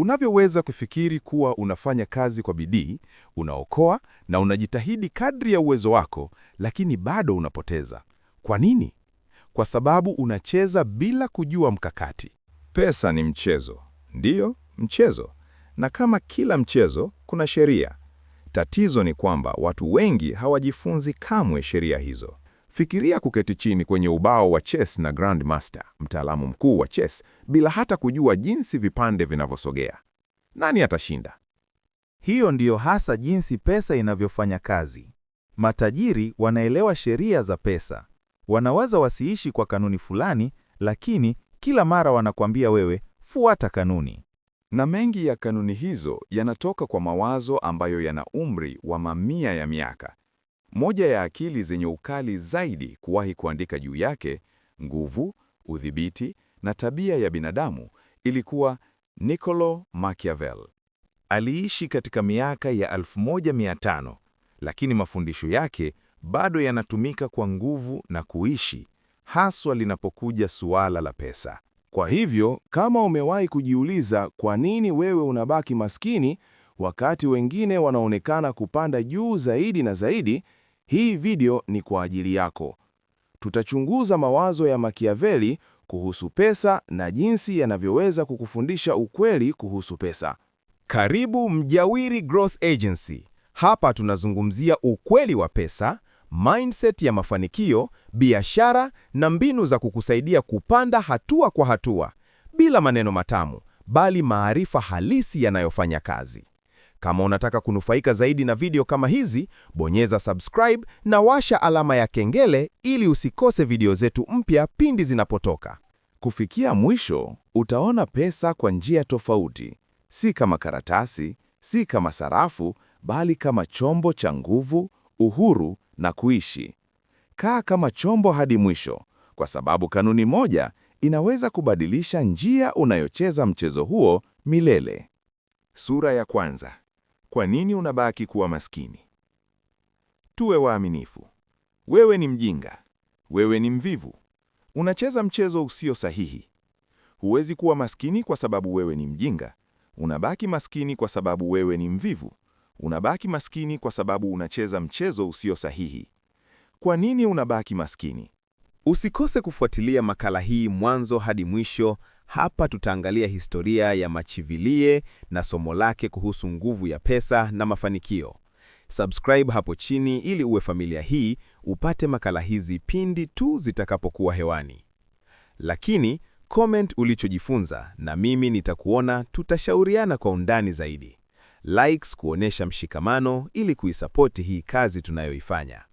Unavyoweza kufikiri kuwa unafanya kazi kwa bidii, unaokoa na unajitahidi kadri ya uwezo wako, lakini bado unapoteza. Kwa nini? Kwa sababu unacheza bila kujua mkakati. Pesa ni mchezo, ndiyo, mchezo. Na kama kila mchezo, kuna sheria. Tatizo ni kwamba watu wengi hawajifunzi kamwe sheria hizo. Fikiria kuketi chini kwenye ubao wa chess na grandmaster, mtaalamu mkuu wa chess, bila hata kujua jinsi vipande vinavyosogea. Nani atashinda? Hiyo ndiyo hasa jinsi pesa inavyofanya kazi. Matajiri wanaelewa sheria za pesa. Wanaweza wasiishi kwa kanuni fulani, lakini kila mara wanakwambia wewe fuata kanuni. Na mengi ya kanuni hizo yanatoka kwa mawazo ambayo yana umri wa mamia ya miaka moja ya akili zenye ukali zaidi kuwahi kuandika juu yake, nguvu, udhibiti na tabia ya binadamu, ilikuwa Niccolo Machiavelli. Aliishi katika miaka ya 1500, lakini mafundisho yake bado yanatumika kwa nguvu na kuishi, haswa linapokuja suala la pesa. Kwa hivyo, kama umewahi kujiuliza kwa nini wewe unabaki maskini wakati wengine wanaonekana kupanda juu zaidi na zaidi, hii video ni kwa ajili yako. Tutachunguza mawazo ya Machiavelli kuhusu pesa na jinsi yanavyoweza kukufundisha ukweli kuhusu pesa. Karibu Mjawiri Growth Agency. Hapa tunazungumzia ukweli wa pesa, mindset ya mafanikio, biashara na mbinu za kukusaidia kupanda hatua kwa hatua, bila maneno matamu, bali maarifa halisi yanayofanya kazi. Kama unataka kunufaika zaidi na video kama hizi, bonyeza subscribe na washa alama ya kengele ili usikose video zetu mpya pindi zinapotoka. Kufikia mwisho, utaona pesa kwa njia tofauti, si kama karatasi, si kama sarafu, bali kama chombo cha nguvu, uhuru na kuishi. Kaa kama chombo hadi mwisho, kwa sababu kanuni moja inaweza kubadilisha njia unayocheza mchezo huo milele. Sura ya kwanza. Kwa nini unabaki kuwa maskini? Tuwe waaminifu. Wewe ni mjinga, wewe ni mvivu, unacheza mchezo usio sahihi. Huwezi kuwa maskini kwa sababu wewe ni mjinga, unabaki maskini kwa sababu wewe ni mvivu, unabaki maskini kwa sababu unacheza mchezo usio sahihi. Kwa nini unabaki maskini? Usikose kufuatilia makala hii mwanzo hadi mwisho. Hapa tutaangalia historia ya Machivilie na somo lake kuhusu nguvu ya pesa na mafanikio. Subscribe hapo chini ili uwe familia hii upate makala hizi pindi tu zitakapokuwa hewani. Lakini comment ulichojifunza na mimi nitakuona, tutashauriana kwa undani zaidi. Likes kuonesha mshikamano ili kuisapoti hii kazi tunayoifanya.